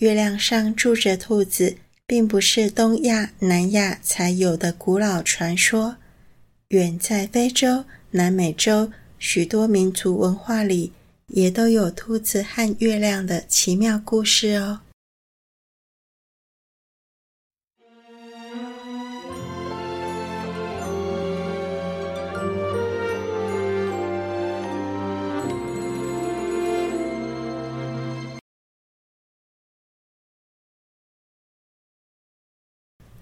月亮上住着兔子，並不是東亞、南亞才有的古老傳說。遠在非洲、南美洲，許多民族文化裡也都有兔子和月亮的奇妙故事哦。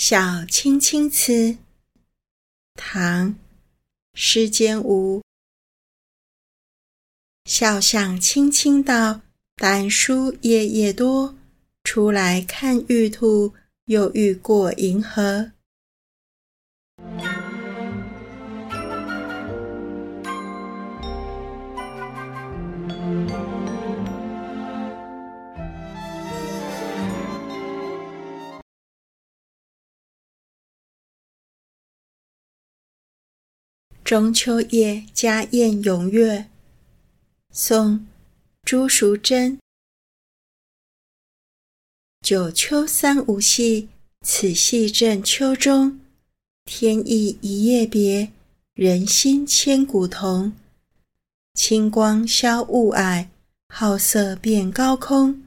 《笑卿卿詞》，唐，施肩吾。笑向卿卿道，耽書夜夜多。出來看玉兔，又欲過銀河。中秋夜家宴詠月。宋·朱淑真。九秋三五夕，此夕正秋中。天意一夜別，人心千古同。清光消霧靄，皓色遍高空。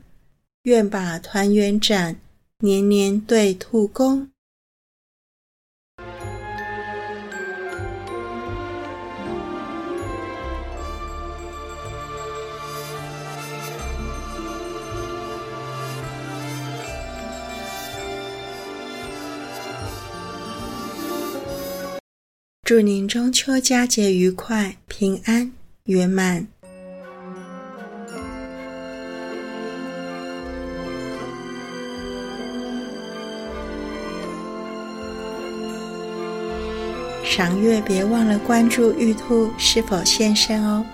願把團圓盞，年年對兔宮。祝您中秋佳節愉快、平安、圓滿。賞月別忘了關注玉兔是否現身哦。